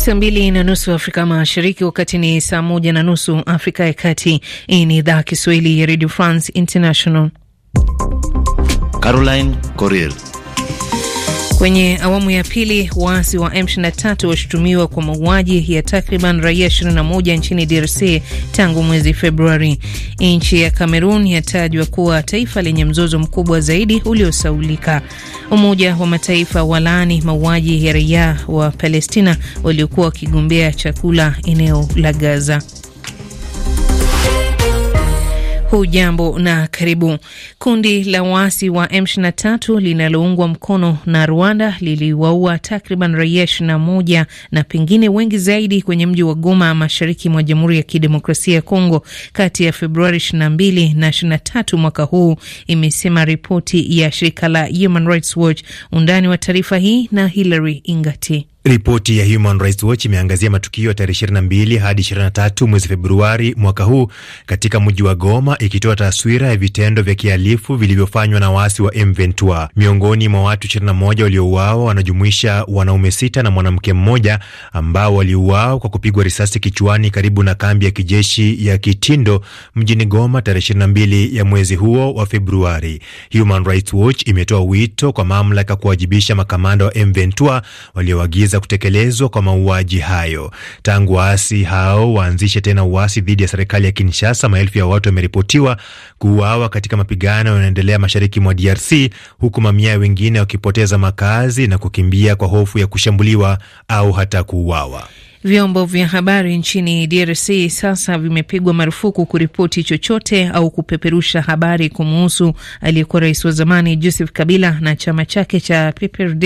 Saa mbili na nusu Afrika Mashariki, wakati ni saa moja na nusu Afrika ya Kati. Hii ni idhaa Kiswahili ya Radio France International. Caroline Corel Kwenye awamu ya pili, waasi wa M23 washutumiwa kwa mauaji ya takriban raia 21 nchini DRC tangu mwezi Februari. Nchi ya Kamerun yatajwa kuwa taifa lenye mzozo mkubwa zaidi uliosaulika. Umoja wa Mataifa walaani mauaji ya raia wa Palestina waliokuwa wakigombea chakula eneo la Gaza. Hujambo na karibu. Kundi la waasi wa M23 linaloungwa mkono na Rwanda liliwaua takriban raia 21 na pengine wengi zaidi kwenye mji wa Goma, mashariki mwa Jamhuri ya Kidemokrasia ya Kongo kati ya Februari 22 na 23 mwaka huu, imesema ripoti ya shirika la Human Rights Watch. Undani wa taarifa hii na Hilary Ingati. Ripoti ya Human Rights Watch imeangazia matukio ya tarehe 22 hadi 23 mwezi Februari mwaka huu katika mji wa Goma, ikitoa taswira ya vitendo vya kihalifu vilivyofanywa na waasi wa M23. Miongoni mwa watu 21 waliouawa wanajumuisha wanaume sita na mwanamke mmoja ambao waliuawa kwa kupigwa risasi kichwani karibu na kambi ya kijeshi ya Kitindo mjini Goma tarehe 22 ya mwezi huo wa Februari. Human Rights Watch imetoa wito kwa mamlaka kuwajibisha makamanda wa M23 walioagiza kuweza kutekelezwa kwa mauaji hayo. Tangu waasi hao waanzishe tena uasi dhidi ya serikali ya Kinshasa, maelfu ya watu wameripotiwa kuuawa katika mapigano yanaendelea mashariki mwa DRC, huku mamia wengine wakipoteza makazi na kukimbia kwa hofu ya kushambuliwa au hata kuuawa. Vyombo vya habari nchini DRC sasa vimepigwa marufuku kuripoti chochote au kupeperusha habari kumuhusu aliyekuwa rais wa zamani Joseph Kabila, na chama chake cha PPRD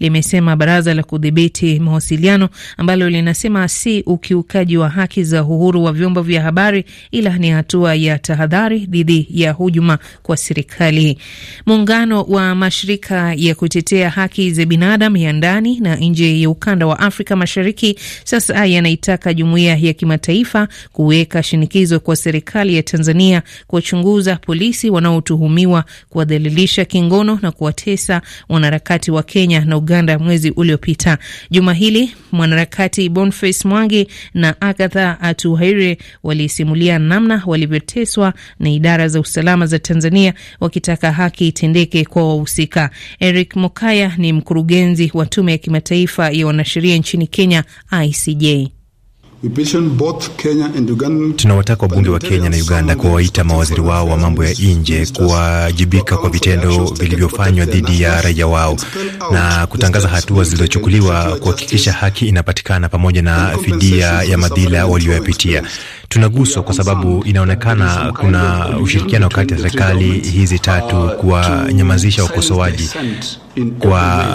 limesema baraza la kudhibiti mawasiliano ambalo linasema si ukiukaji wa haki za uhuru wa vyombo vya habari, ila ni hatua ya tahadhari dhidi ya hujuma kwa serikali. Muungano wa mashirika ya kutetea haki za binadamu ya ndani na nje ya ukanda wa Afrika Mashariki sasa yanaitaka jumuiya ya kimataifa kuweka shinikizo kwa serikali ya Tanzania kuwachunguza polisi wanaotuhumiwa kuwadhalilisha kingono na kuwatesa wanaharakati wa Kenya na Uganda mwezi uliopita. Juma hili mwanaharakati Boniface Mwangi na Agatha Atuhaire walisimulia namna walivyoteswa na idara za usalama za Tanzania wakitaka haki itendeke kwa wahusika. Eric Mokaya ni mkurugenzi wa tume ya kimataifa ya wanasheria nchini Kenya IC. BCJ. Tunawataka wabunge wa Kenya na Uganda kuwaita mawaziri wao wa mambo ya nje kuwajibika kwa vitendo vilivyofanywa dhidi ya raia wao na kutangaza hatua zilizochukuliwa kuhakikisha haki inapatikana pamoja na fidia ya madhila walioyapitia tunaguswa kwa sababu inaonekana kuna ushirikiano kati ya serikali hizi tatu kuwanyamazisha wakosoaji kwa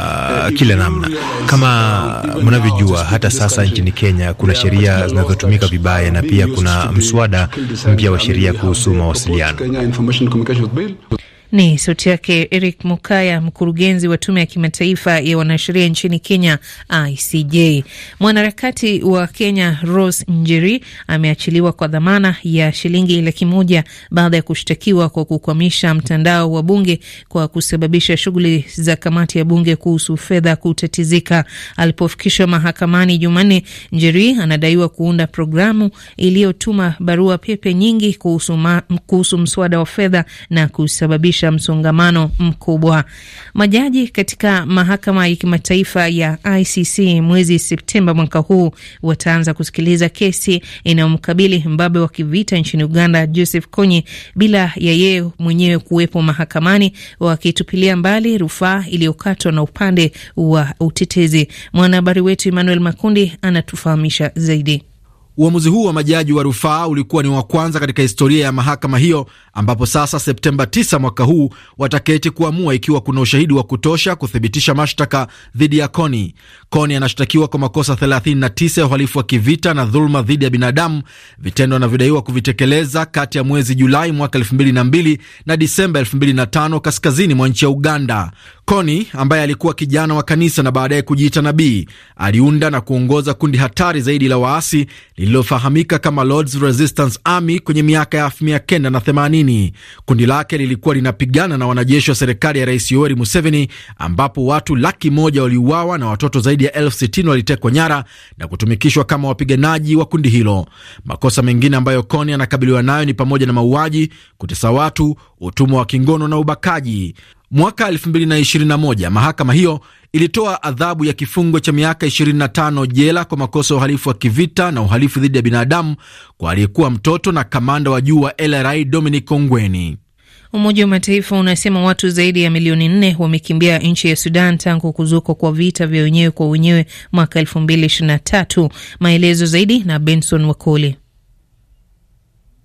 kila namna. Kama mnavyojua, hata sasa nchini Kenya kuna sheria zinazotumika vibaya na pia kuna mswada mpya wa sheria kuhusu mawasiliano. Ni sauti yake Eric Mukaya, mkurugenzi wa tume ya kimataifa ya wanasheria nchini Kenya, ICJ. Mwanaharakati wa Kenya Rose Njeri ameachiliwa kwa dhamana ya shilingi laki moja baada ya kushtakiwa kwa kukwamisha mtandao wa bunge kwa kusababisha shughuli za kamati ya bunge kuhusu fedha kutatizika. Alipofikishwa mahakamani Jumanne, Njeri anadaiwa kuunda programu iliyotuma barua pepe nyingi kuhusu, ma, kuhusu mswada wa fedha na kusababisha kusababisha msongamano mkubwa. Majaji katika mahakama ya kimataifa ya ICC mwezi Septemba mwaka huu wataanza kusikiliza kesi inayomkabili mbabe wa kivita nchini Uganda Joseph Kony bila ya yeye mwenyewe kuwepo mahakamani, wakitupilia mbali rufaa iliyokatwa na upande wa utetezi. Mwanahabari wetu Emmanuel Makundi anatufahamisha zaidi. Uamuzi huu wa majaji wa rufaa ulikuwa ni wa kwanza katika historia ya mahakama hiyo, ambapo sasa Septemba 9 mwaka huu wataketi kuamua ikiwa kuna ushahidi wa kutosha kuthibitisha mashtaka dhidi ya Koni. Koni anashtakiwa kwa makosa 39 ya uhalifu wa kivita na dhuluma dhidi ya binadamu, vitendo anavyodaiwa kuvitekeleza kati ya mwezi Julai mwaka 2002 na Disemba 2005 kaskazini mwa nchi ya Uganda. Koni ambaye alikuwa kijana wa kanisa na baadaye kujiita nabii, aliunda na kuongoza kundi hatari zaidi la waasi lililofahamika kama Lords Resistance Army kwenye miaka ya 1980. Kundi lake lilikuwa linapigana na wanajeshi wa serikali ya Rais Yoweri Museveni, ambapo watu laki moja waliuawa na watoto zaidi ya elfu sitini walitekwa nyara na kutumikishwa kama wapiganaji wa kundi hilo. Makosa mengine ambayo Kony anakabiliwa nayo ni pamoja na mauaji, kutesa watu, utumwa wa kingono na ubakaji. Mwaka 2021 mahakama hiyo ilitoa adhabu ya kifungo cha miaka 25 jela kwa makosa ya uhalifu wa kivita na uhalifu dhidi ya binadamu kwa aliyekuwa mtoto na kamanda wa juu wa LRA Dominic Ongweni. Umoja wa Mataifa unasema watu zaidi ya milioni nne wamekimbia nchi ya Sudan tangu kuzuka kwa vita vya wenyewe kwa wenyewe mwaka 2023. Maelezo zaidi na Benson Wakoli.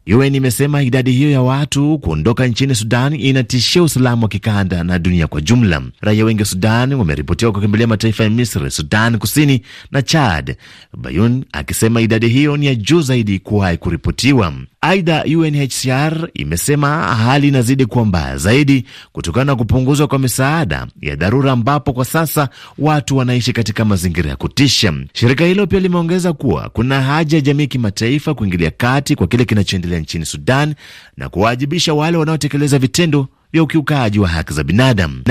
UN imesema idadi hiyo ya watu kuondoka nchini Sudan inatishia usalama wa kikanda na dunia kwa jumla. Raia wengi wa Sudan wameripotiwa kukimbilia mataifa ya Misri, Sudan Kusini na Chad, Bayun akisema idadi hiyo ni ya juu zaidi kuwahi kuripotiwa. Aidha, UNHCR imesema hali inazidi kuwa mbaya zaidi kutokana na kupunguzwa kwa misaada ya dharura, ambapo kwa sasa watu wanaishi katika mazingira ya kutisha. Shirika hilo pia limeongeza kuwa kuna haja ya jamii kimataifa kuingilia kati kwa kile kinachoendelea nchini Sudan na kuwaajibisha wale wanaotekeleza vitendo vya ukiukaji wa haki za binadamu.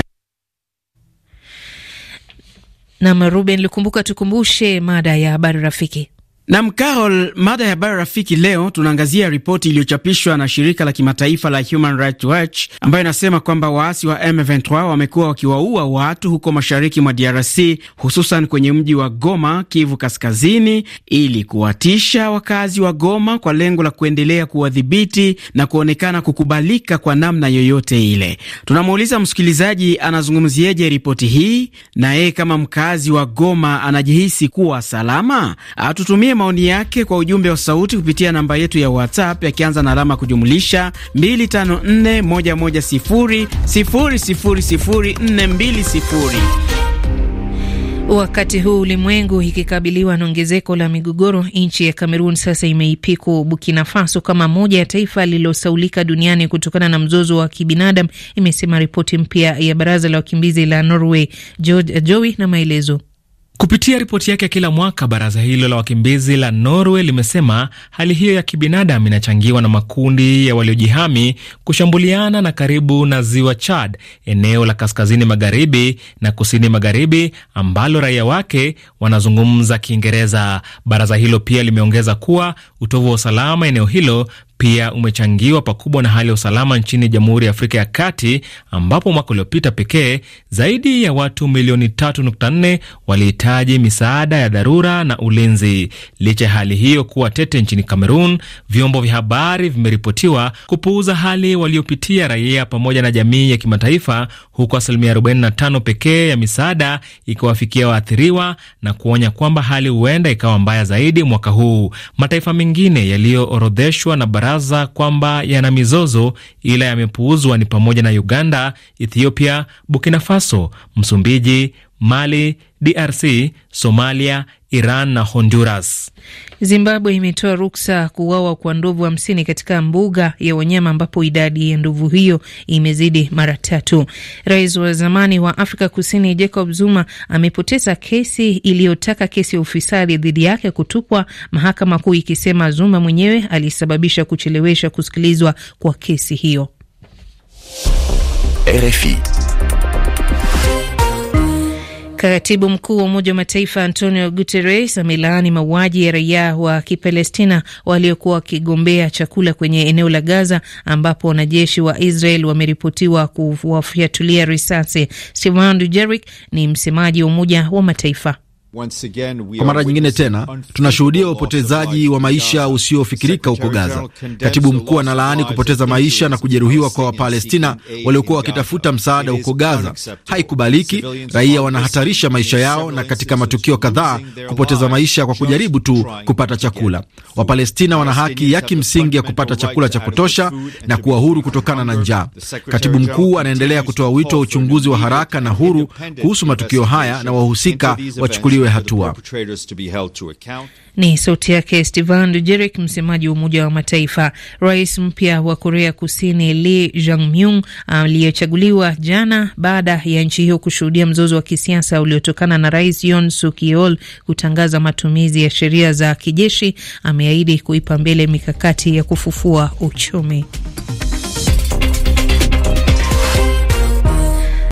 Nam Ruben Likumbuka, tukumbushe mada ya habari rafiki. Nam Carol, mada ya habari rafiki leo tunaangazia ripoti iliyochapishwa na shirika la kimataifa la Human Rights Watch ambayo inasema kwamba waasi wa M23 wamekuwa wakiwaua watu huko mashariki mwa DRC hususan kwenye mji wa Goma, Kivu Kaskazini, ili kuwatisha wakazi wa Goma kwa lengo la kuendelea kuwadhibiti na kuonekana kukubalika kwa namna yoyote ile. Tunamuuliza msikilizaji anazungumzieje ripoti hii na yeye kama mkazi wa Goma anajihisi kuwa salama? Atutumie tutumie maoni yake kwa ujumbe wa sauti kupitia namba yetu ya WhatsApp yakianza na alama kujumulisha 254110000420. Wakati huu ulimwengu ikikabiliwa na ongezeko la migogoro, nchi ya Kamerun sasa imeipiku Burkina Faso kama moja ya taifa lililosaulika duniani kutokana na mzozo wa kibinadamu, imesema ripoti mpya ya baraza la wakimbizi la Norway. Joey na maelezo Kupitia ripoti yake ya kila mwaka, baraza hilo la wakimbizi la Norway limesema hali hiyo ya kibinadamu inachangiwa na makundi ya waliojihami kushambuliana na karibu na ziwa Chad, eneo la kaskazini magharibi na kusini magharibi ambalo raia wake wanazungumza Kiingereza. Baraza hilo pia limeongeza kuwa utovu wa usalama eneo hilo pia umechangiwa pakubwa na hali ya usalama nchini Jamhuri ya Afrika ya Kati, ambapo mwaka uliopita pekee zaidi ya watu milioni 3.4 walihitaji misaada ya dharura na ulinzi. Licha ya hali hiyo kuwa tete nchini Kamerun, vyombo vya habari vimeripotiwa kupuuza hali waliopitia raia pamoja na jamii ya kimataifa, huku asilimia 45 pekee ya misaada ikiwafikia waathiriwa na kuonya kwamba hali huenda ikawa mbaya zaidi mwaka huu. Mataifa mengine yaliyoorodheshwa na baraza kwamba yana mizozo ila yamepuuzwa ni pamoja na Uganda, Ethiopia, Burkina Faso, Msumbiji, Mali, DRC, Somalia, Iran na Honduras. Zimbabwe imetoa ruksa kuuawa kwa ndovu hamsini katika mbuga ya wanyama ambapo idadi ya ndovu hiyo imezidi mara tatu. Rais wa zamani wa Afrika Kusini Jacob Zuma amepoteza kesi iliyotaka kesi ya ufisadi dhidi yake kutupwa, mahakama kuu ikisema Zuma mwenyewe alisababisha kuchelewesha kusikilizwa kwa kesi hiyo. RFI. Katibu mkuu wa Umoja wa Mataifa Antonio Guterres amelaani mauaji ya raia wa Kipalestina waliokuwa wakigombea chakula kwenye eneo la Gaza ambapo wanajeshi wa Israel wameripotiwa kuwafyatulia risasi. Stephane Dujarric ni msemaji wa Umoja wa Mataifa. Kwa mara nyingine tena tunashuhudia upotezaji wa maisha usiofikirika huko Gaza. Katibu mkuu analaani kupoteza maisha na kujeruhiwa kwa Wapalestina waliokuwa wakitafuta msaada huko Gaza. Haikubaliki, raia wanahatarisha maisha yao, na katika matukio kadhaa kupoteza maisha kwa kujaribu tu kupata chakula. Wapalestina wana haki ya kimsingi ya kupata chakula cha kutosha na kuwa huru kutokana na njaa. Katibu mkuu anaendelea kutoa wito wa uchunguzi wa haraka na huru kuhusu matukio haya na wahusika wachukuliwe wachukuliwe hatua. Ni sauti yake Stephane dujerik msemaji wa Umoja wa Mataifa. Rais mpya wa Korea Kusini Lee Jae-myung aliyechaguliwa jana baada ya nchi hiyo kushuhudia mzozo wa kisiasa uliotokana na Rais Yoon Suk Yeol kutangaza matumizi ya sheria za kijeshi, ameahidi kuipa mbele mikakati ya kufufua uchumi.